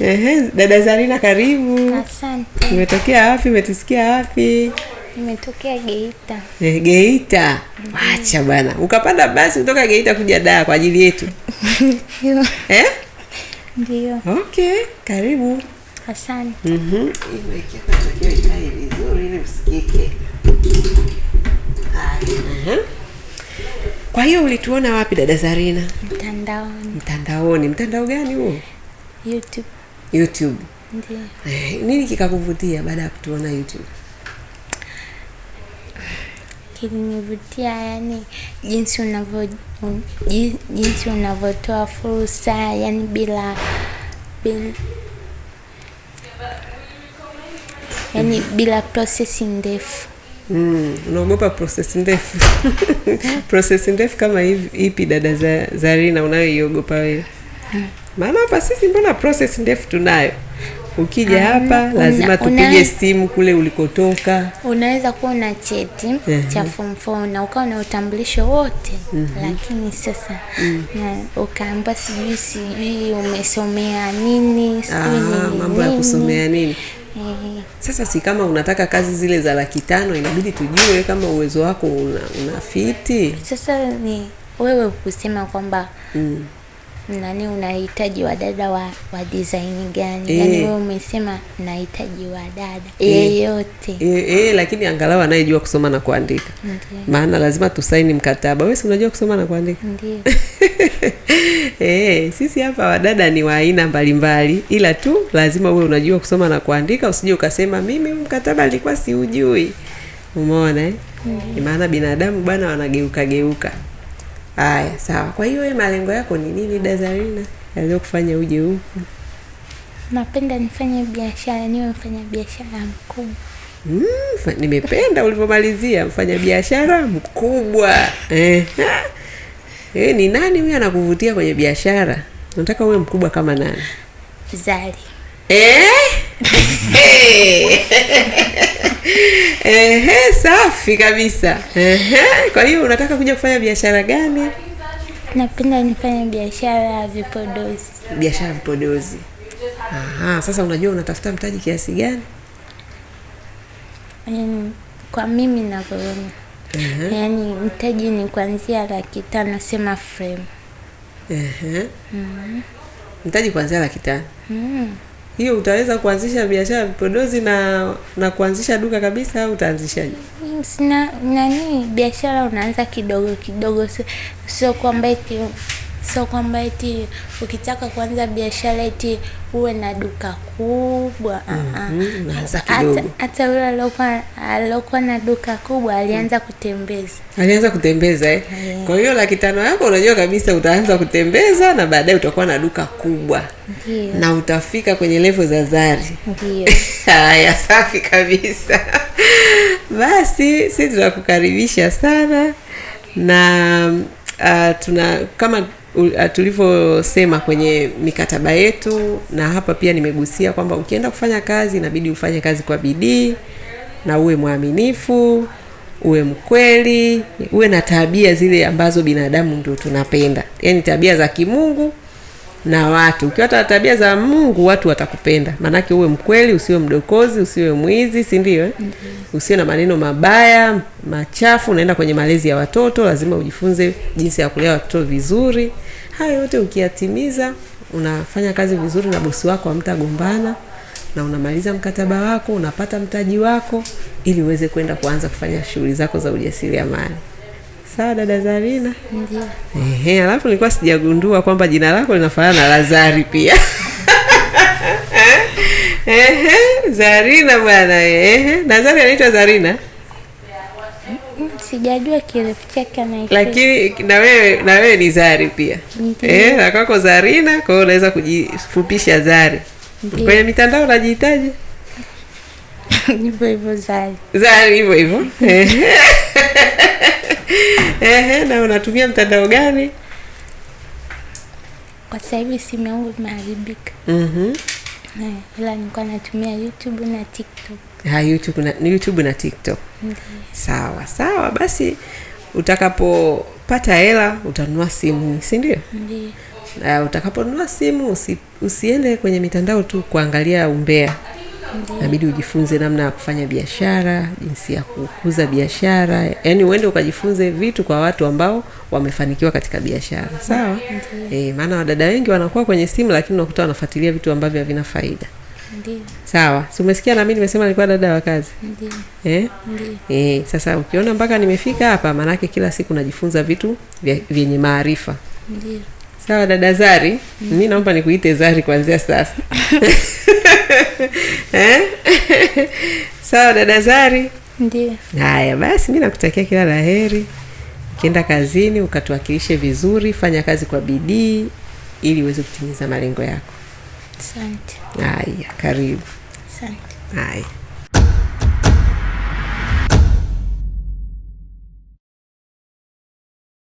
Ehe, dada Zarina karibu. Asante. Umetokea wapi? Umetusikia wapi? Nimetokea Geita. Eh, Geita. Mm. Acha bwana. Ukapanda basi kutoka Geita kuja Dar kwa ajili yetu. Ndio. Eh? Ndio. Okay, karibu. Asante. Mhm. Kwa hiyo ulituona wapi dada Zarina? Mtandaoni. Mtandaoni. Mtandao gani huo? YouTube. YouTube? Ndiyo. Eh, nini kikakuvutia baada ya kutuona YouTube? Kilinivutia yani jinsi unavyo jinsi unavyotoa fursa yani bila, bila yani bila prosesi ndefu. Mm, unaogopa process ndefu? process ndefu kama hivi ipi, dada za Zarina, unayoiogopa wewe? Mm maana hapa sisi mbona process ndefu tunayo. Ukija ah, hapa um, lazima tupige simu kule ulikotoka. Unaweza kuwa na cheti uh -huh. cha form 4 na ukawa na utambulisho wote uh mhm. -huh. lakini sasa uh mm. -huh. ukaamba sijui sijui umesomea nini ah, mambo ya kusomea nini eh. sasa si kama unataka kazi zile za laki tano, inabidi tujue kama uwezo wako unafiti una Sasa ni wewe kusema kwamba mm nani unahitaji wadada wa, wa design gani? E. Eh. Yani wewe umesema nahitaji wadada e. Eh. yeyote e, e, lakini angalau anayejua kusoma na kuandika Ndiyo. maana lazima tusaini mkataba. Wewe si unajua kusoma na kuandika Ndiyo. e, sisi hapa wadada ni wa aina mbalimbali, ila tu lazima uwe unajua kusoma na kuandika, usije ukasema mimi mkataba alikuwa siujui. Umeona eh? maana binadamu bwana wanageuka geuka Haya, sawa. Kwa hiyo wewe malengo yako ni nini Dazarina, yaliyokufanya uje huku? Napenda nifanye biashara, niwe mfanya biashara mkubwa. Mm, nimependa ulivyomalizia mfanya biashara mkubwa eh. Eh, ni nani huyo anakuvutia kwenye biashara? Nataka uwe mkubwa kama nani? Zari. Eh? Ehe, safi kabisa. Ehe, kwa hiyo unataka kuja kufanya biashara gani? Napenda nifanye biashara ya vipodozi. Biashara ya vipodozi. Aha, sasa unajua unatafuta mtaji kiasi gani? Yani, kwa mimi ninavyoona. Uh-huh. Yaani mtaji ni kuanzia laki tano sema frame. Ehe. Uh-huh. Mm. Mtaji kuanzia laki tano. Mm hiyo utaweza kuanzisha biashara ya vipodozi na na kuanzisha duka kabisa au utaanzishaje? Sina nani, biashara unaanza kidogo kidogo, sio sio kwamba eti Sio kwamba eti ukitaka kuanza biashara eti uwe na duka kubwa mm -hmm. Hata yule aliokuwa na duka kubwa alianza kutembeza, alianza kutembeza eh? Yeah. Kwa hiyo laki tano yako unajua kabisa utaanza kutembeza na baadaye utakuwa na duka kubwa. Ndiyo. na utafika kwenye levo za Zari. Haya, safi kabisa basi, si tunakukaribisha sana na uh, tuna kama tulivyosema kwenye mikataba yetu, na hapa pia nimegusia kwamba ukienda kufanya kazi inabidi ufanye kazi kwa bidii na uwe mwaminifu, uwe mkweli, uwe na tabia zile ambazo binadamu ndio tunapenda, yaani tabia za kimungu na watu. Ukiwa na tabia za Mungu, watu watakupenda, maanake uwe mkweli, usiwe mdokozi, usiwe mwizi, si ndio? Eh? mm -hmm. Usiwe na maneno mabaya machafu. Unaenda kwenye malezi ya watoto, lazima ujifunze jinsi ya kulea watoto vizuri. Hayo yote ukiyatimiza, unafanya kazi vizuri na bosi wako, amtagombana na unamaliza mkataba wako, unapata mtaji wako, ili uweze kwenda kuanza kufanya shughuli zako za ujasiriamali. Sawa dada Zarina. Ehe, alafu nilikuwa sijagundua kwamba jina lako linafanana na Lazari pia. Ehe, Zarina bwana. Ehe, Nazari anaitwa Zarina. Sijajua kirefu chake anaitwa. Lakini na wewe na wewe ni Zari pia. Eh, na kwako Zarina, kwa hiyo unaweza kujifupisha Zari. Kwenye mitandao unajihitaji? Hivyo hivyo Zari. Zari hivyo hivyo. Ehe, na unatumia mtandao gani? Kwa sasa hivi simu yangu imeharibika. Mhm. Mm, ila nilikuwa natumia YouTube na TikTok. Ha, ah, YouTube na YouTube na TikTok. Ndiyo. Sawa, sawa basi utakapopata hela utanunua simu, si ndio? Ndiyo. Uh, utakaponunua simu usi, usiende kwenye mitandao tu kuangalia umbea inabidi ujifunze namna ya kufanya biashara, jinsi ya kukuza biashara, yaani uende ukajifunze vitu kwa watu ambao wamefanikiwa katika biashara, sawa? E, maana wadada wengi wanakuwa kwenye simu, lakini unakuta wanafuatilia vitu ambavyo havina faida. Ndiyo. Sawa, si umesikia nami nimesema nilikuwa dada wa kazi eh? Eh, sasa ukiona mpaka nimefika hapa, maanake kila siku najifunza vitu vyenye maarifa. Sawa dada Zari, mi naomba nikuite Zari kuanzia sasa Eh? Sawa dada Zari, ndiyo. Haya basi, mi nakutakia kila laheri ukienda kazini, ukatuwakilishe vizuri, fanya kazi kwa bidii ili uweze kutimiza malengo yako. Asante. Haya, karibu. Asante. Haya.